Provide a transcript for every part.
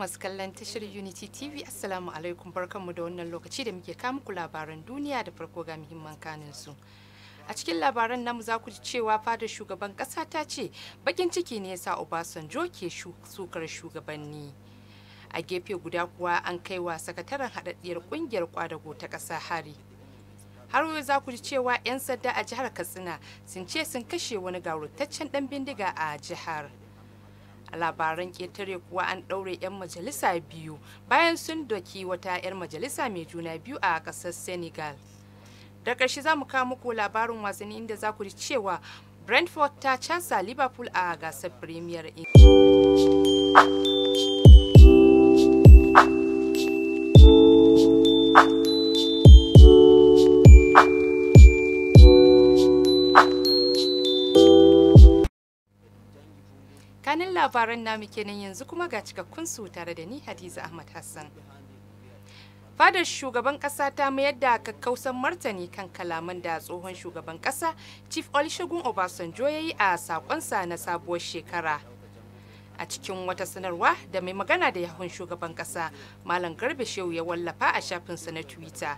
masu kallon tashar Unity TV Assalamu alaikum barkanmu da wannan lokaci da muke kawo muku labaran duniya da farko ga muhimman kanin su. A cikin labaran namu za ku ji cewa fadar shugaban ƙasa ta ce bakin ciki ne yasa Obasanjo ke sukar shugabanni. A gefe guda kuwa an kai wa sakataren haɗaɗɗiyar ƙungiyar kwadago ta ƙasa hari. har yau za ku ji cewa 'yan sadda a jihar katsina sun ce sun kashe wani gaurutaccen ɗan bindiga a jihar a labaran ƙetare kuwa an ɗaure 'yan majalisa biyu bayan sun doki wata 'yar majalisa mai juna biyu a ƙasar senegal da ƙarshe za mu kawo muku labarin wasanni inda za ku ji cewa brentford ta canza liverpool a gasar premier kanin labaran namu kenan yanzu kuma ga cikakkun su tare da ni hadiza ahmad hassan fadar shugaban kasa ta mayar da kakkausan martani kan kalaman da tsohon shugaban kasa chief olusegun obasanjo ya yi a sakonsa na sabuwar shekara a cikin wata sanarwa da mai magana da yahun shugaban kasa malam garba shehu ya wallafa a shafin sa na twitter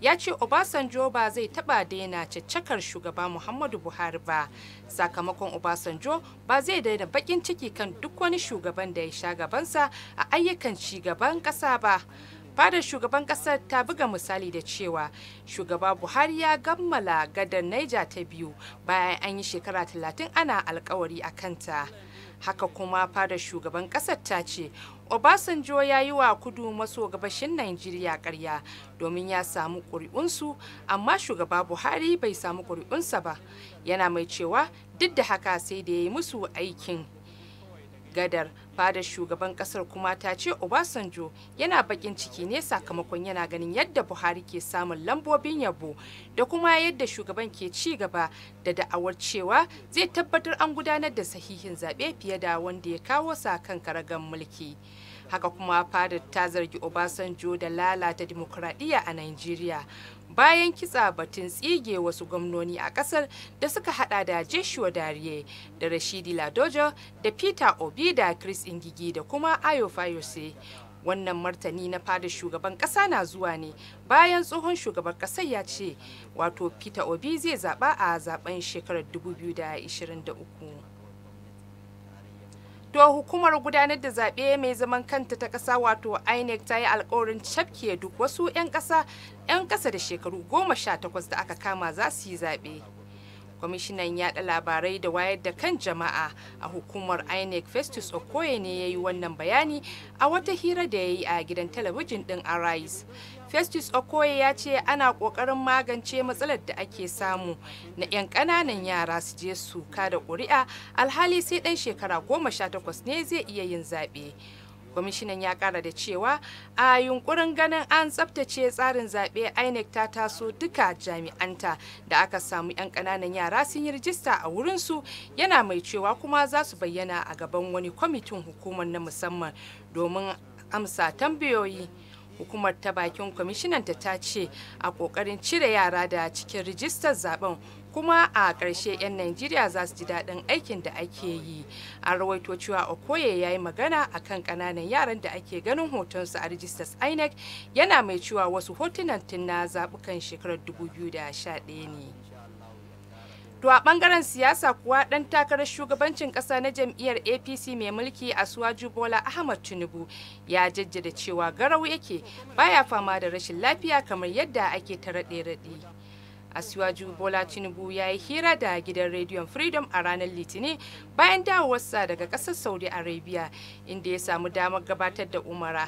ya ce obasanjo ba zai taba daina caccakar shugaba muhammadu buhari ba sakamakon obasanjo ba zai daina bakin ciki kan duk wani shugaban da ya sha gabansa a ayyukan shugaban kasa ba fadar shugaban kasar ta buga misali da cewa shugaba buhari ya gammala gadar naija ta biyu bayan an yi shekara 30 ana alkawari a kanta. haka kuma fada shugaban kasar ta ce obasanjo ya yi wa kudu maso gabashin najeriya karya domin ya samu ƙuri'unsu amma shugaba buhari bai samu ƙuri'unsa ba yana mai cewa duk da haka sai da ya yi musu aikin gadar fadar shugaban kasar kuma ta ce obasanjo yana bakin ciki ne sakamakon yana ganin yadda buhari ke samun lambobin yabo da kuma yadda shugaban ke ci gaba da da'awar cewa zai tabbatar an gudanar da sahihin zaɓe fiye da wanda ya kawo sa kan karagan mulki haka kuma fadar ta zargi obasanjo da lalata dimokuraɗiyya a nigeria bayan kitsa batun tsige wasu gwamnoni a kasar da suka hada da Joshua Dariye da Rashidi Ladojo da Peter Obi da Chris Ingigi da kuma Ayo Fayose. Wannan martani na fada shugaban kasa na zuwa ne bayan tsohon shugaban kasar ya ce wato Peter Obi zai zaba a zaben shekarar 2023. to hukumar gudanar da zaɓe mai zaman kanta ta ƙasa wato inec ta yi alkawarin cafke duk wasu 'yan ƙasa 'yan ƙasa da shekaru goma sha takwas da aka kama za su yi zaɓe kwamishinan yada labarai da wayar da kan jama'a a hukumar inec festus okoye ne ya yi wannan bayani a wata hira da ya yi a gidan talabijin din arise festus okoye ya ce ana kokarin magance matsalar da ake samu na 'yan ƙananan yara su je su kada ƙuri'a alhali sai dan shekara goma sha takwas ne zai iya yin zaɓe kwamishinan ya kara da cewa a yunkurin ganin an tsabtace tsarin zaɓe inec ta taso duka jami'anta da aka samu 'yan ƙananan yara sun yi rijista a wurinsu yana mai cewa kuma za su bayyana a gaban wani kwamitin hukumar na musamman domin amsa tambayoyi hukumar ta bakin kwamishinanta ta ce a ƙoƙarin cire yara da cikin rijistar zaben kuma a ƙarshe 'yan najeriya za su ji daɗin aikin da ake yi an rawaito cewa okoye ya yi magana a kan ƙananan yaran da ake ganin hotonsu a rijistas inec yana mai cewa wasu hotunan tun na zaɓukan shekarar 2011 ne To a bangaren siyasa kuwa ɗan takarar shugabancin ƙasa na jam'iyyar APC mai mulki a Suwaju Bola Ahmad Tinubu ya jajjada cewa garau yake baya fama da rashin lafiya kamar yadda ake ta raɗe-raɗe. Asiwaju Bola Tinubu ya yi hira da gidan rediyon Freedom a ranar Litinin bayan dawowarsa daga ƙasar Saudi Arabia inda ya samu damar gabatar da umara.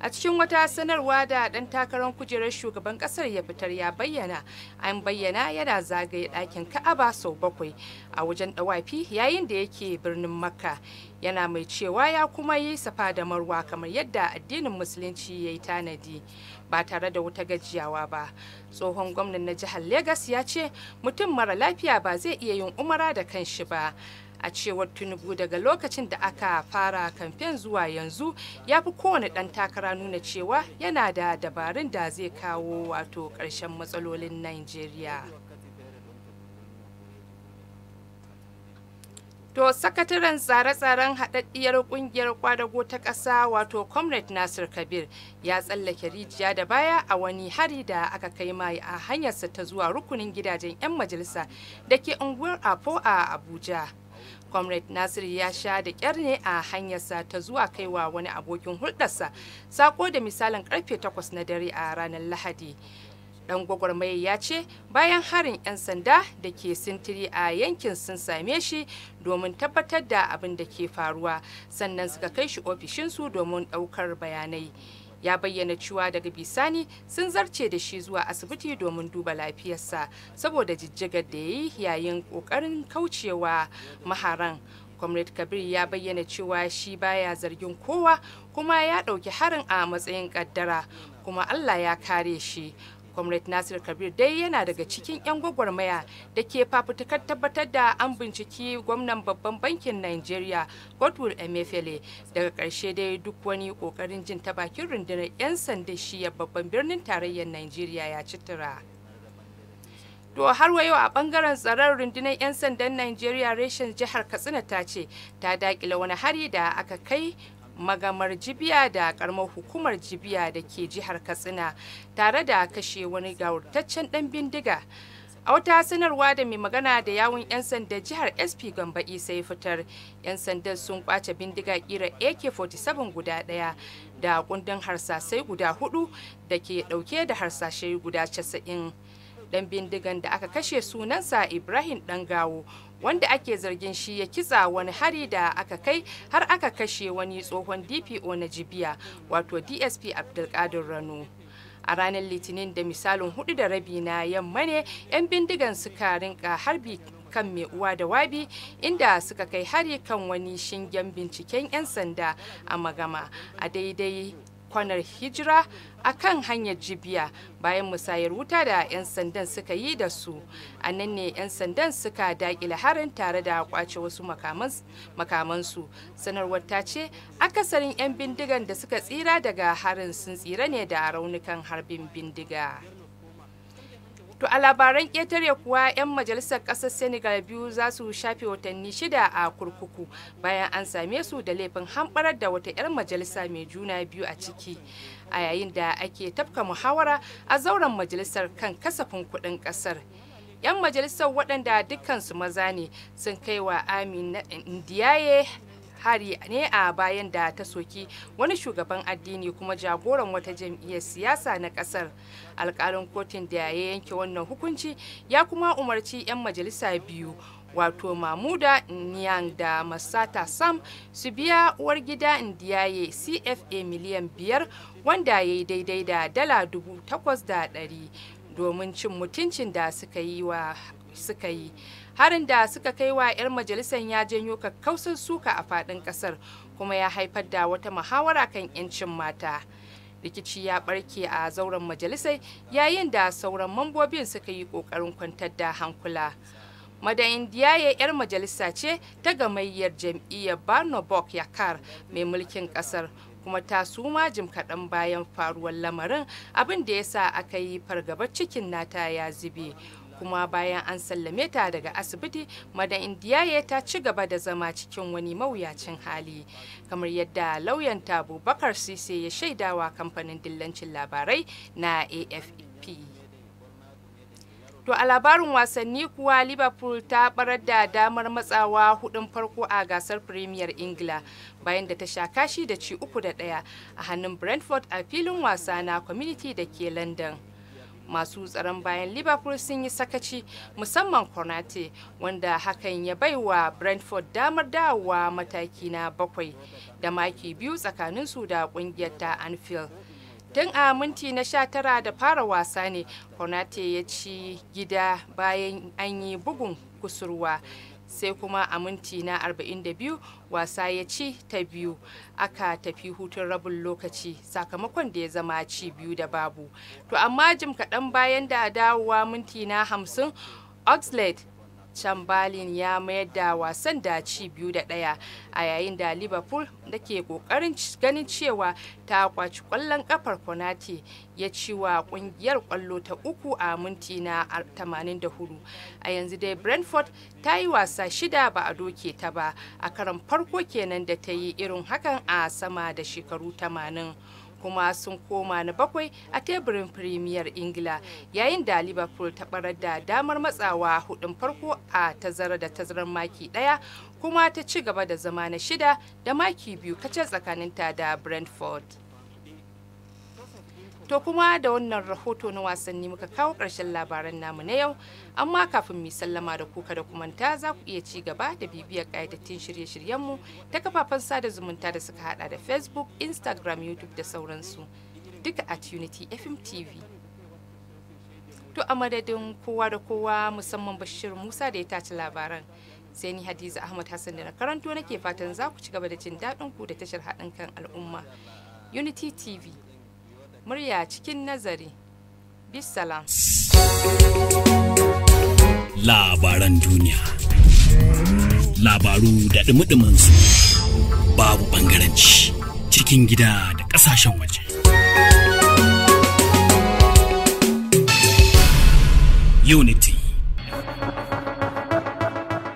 A cikin wata sanarwa da ɗan takarar kujerar shugaban ƙasar ya fitar ya bayyana, an bayyana yana zagaye ɗakin Ka'aba sau bakwai a wajen ɗawafi yayin da yake birnin Makka. Yana mai cewa ya kuma yi safa da marwa kamar yadda addinin Musulunci ya yi tanadi. ba tare da wuta gajiyawa ba tsohon gwamnan na jihar Legas ya ce mutum mara lafiya ba zai iya yin umara da kanshi ba a cewar tinubu daga lokacin da aka fara kamfen zuwa yanzu ya fi kowane ɗan takara nuna cewa yana da dabarun da zai kawo wato ƙarshen matsalolin najeriya To sakataren tsare-tsaren haɗaɗɗiyar ƙungiyar kwadago ta ƙasa wato Comrade Nasir Kabir ya tsallake rijiya da baya a wani hari da aka kai mai a hanyarsa ta zuwa rukunin gidajen 'yan majalisa da ke unguwar Apo a Abuja. Comrade Nasir ya sha da ƙyar ne a hanyarsa ta zuwa kaiwa wani abokin hulɗarsa sako da misalin karfe takwas na dare a ranar Lahadi. dan gwagwarmaya ya ce bayan harin 'yan sanda da ke sintiri a yankin sun same shi domin tabbatar da abin da ke faruwa sannan suka kai shi ofishinsu domin ɗaukar bayanai ya bayyana cewa daga bisani sun zarce da shi zuwa asibiti domin duba lafiyarsa saboda jijjigar da ya yi yayin ƙoƙarin kaucewa maharan comrade kabir ya bayyana cewa shi baya zargin kowa kuma ya ɗauki harin a matsayin ƙaddara kuma allah ya kare shi comrade nasir kabir dai yana daga cikin 'yan gwagwarmaya da ke fafutukar tabbatar da an binciki gwamnan babban bankin nigeria godwill emefiele daga karshe dai duk wani kokarin jin ta bakin rundunar 'yan shi shiya babban birnin tarayyar nigeria ya citara To har yau a bangaren tsaron rundunar 'yan sandan nigeria reshen jihar Katsina ta ce ta dakile wani hari da aka kai magamar jibiya da karamar hukumar jibiya da ke jihar katsina tare da kashe wani gawurtaccen dan bindiga a wata sanarwa da mai magana da yawun 'yan sanda jihar sp gamba isa ya fitar 'yan sanda sun kwace bindiga kira ak-47 guda daya da kundin harsasai guda hudu da ke dauke da harsashe guda 90 dan bindigan da aka kashe sunansa ibrahim gawo. wanda ake zargin shi ya kitsa wani hari da aka kai har aka kashe wani tsohon dpo na jibiya wato dsp abdulkadir rano a ranar litinin da misalin hudu da rabi na yamma ne 'yan bindigan suka rinka harbi kan mai uwa da wabi inda suka kai hari kan wani shingen binciken 'yan sanda a magama a daidai kwanar hijira a kan hanyar jibiya bayan musayar wuta da 'yan sandan suka yi da su a nan ne 'yan sandan suka dakile harin tare da kwace wasu makamansu sanarwar ta ce akasarin 'yan bindigan da suka tsira daga harin sun tsira ne da raunukan harbin bindiga To a labaran ƙetare kuwa 'yan majalisar ƙasar Senegal biyu za su shafe watanni shida a kurkuku bayan an same su da laifin hamɓarar da wata 'yar majalisa mai juna biyu a ciki. A yayin da ake tafka muhawara a zauren majalisar kan kasafin kuɗin ƙasar. 'yan majalisar waɗanda dukkansu maza ne sun kai wa Amina Ndiaye hari ne a bayan da ta soki wani shugaban addini kuma jagoran wata jam'iyyar siyasa na kasar alkalin kotun da ya yanke wannan hukunci ya kuma umarci 'yan majalisa biyu wato mamuda niyan da masata sam su biya uwar gida ndiyaye cfa miliyan biyar wanda ya yi daidai da dala dubu takwas da ɗari domin cin mutuncin da suka yi harin da suka kai wa 'yar majalisar ya janyo kakkausar suka a faɗin ƙasar kuma ya haifar da wata muhawara kan 'yancin mata rikici ya barke a zauren majalisai yayin da sauran mambobin suka yi ƙoƙarin kwantar da hankula madayin diyaye 'yar majalisa ce ta gamayyar jam'iyyar barnabok yakar mai mulkin ƙasar kuma ta suma jim kaɗan bayan faruwar lamarin abin da ya sa aka yi fargabar cikin nata ya zube kuma bayan an sallame ta daga asibiti madan indiyaye ta ci gaba da zama cikin wani mawuyacin hali kamar yadda lauyan ta bakar sise ya shaidawa kamfanin dillancin labarai na afp To a labarin wasanni kuwa Liverpool ta barar da damar matsawa hudun farko a gasar Premier Ingila bayan da ta sha kashi da ci uku da ɗaya a hannun Brentford a filin wasa na community da ke London. masu tsaron bayan liverpool sun yi sakaci musamman konate wanda hakan ya bai wa brentford damar dawowa mataki na bakwai da maki biyu tsakanin su da kungiyar ta anfield tun a minti na sha tara da fara wasa ne konate ya ci gida bayan an yi bugun kusurwa sai kuma a minti na 42 wasa ya ci ta biyu aka tafi hutun rabin lokaci sakamakon da ya zama ci biyu da babu to amma jim kaɗan bayan da dawowa minti na 50 oxlade can berlin ya mayar da wasan da ci biyu da ɗaya a yayin da liverpool da ke kokarin ganin cewa ta kwaci kwallon kafar konate ya ci wa kungiyar kwallo ta uku a minti na 84 a yanzu dai brentford ta yi wasa shida ba a doke ta ba a karan farko kenan da ta yi irin hakan a sama da shekaru 80 kuma sun koma na bakwai a teburin Premier Ingila yayin da Liverpool ta barar da damar matsawa hudun farko a tazara da tazarar maki daya kuma ta ci gaba da zama na shida da maki biyu kacal tsakaninta da Brentford. To kuma da wannan rahoto na wasanni muka kawo ƙarshen labaran namu na yau, amma kafin mu sallama da kuka da kumanta za ku iya ci gaba da bibiyar ƙayatattun shirye-shiryenmu ta kafafen sada zumunta da suka hada da Facebook, Instagram, YouTube da sauransu. Duka at Unity FM TV. To a madadin kowa da kowa musamman Bashir Musa da ya tace labaran. sai ni Hadiza Ahmad Hassan da na karanto nake fatan za ku ci gaba da jin daɗin ku da tashar haɗin kan al'umma Unity TV murya cikin nazari Bissalam. labaran duniya labaru da dumi su babu ɓangaranci cikin gida da ƙasashen waje unity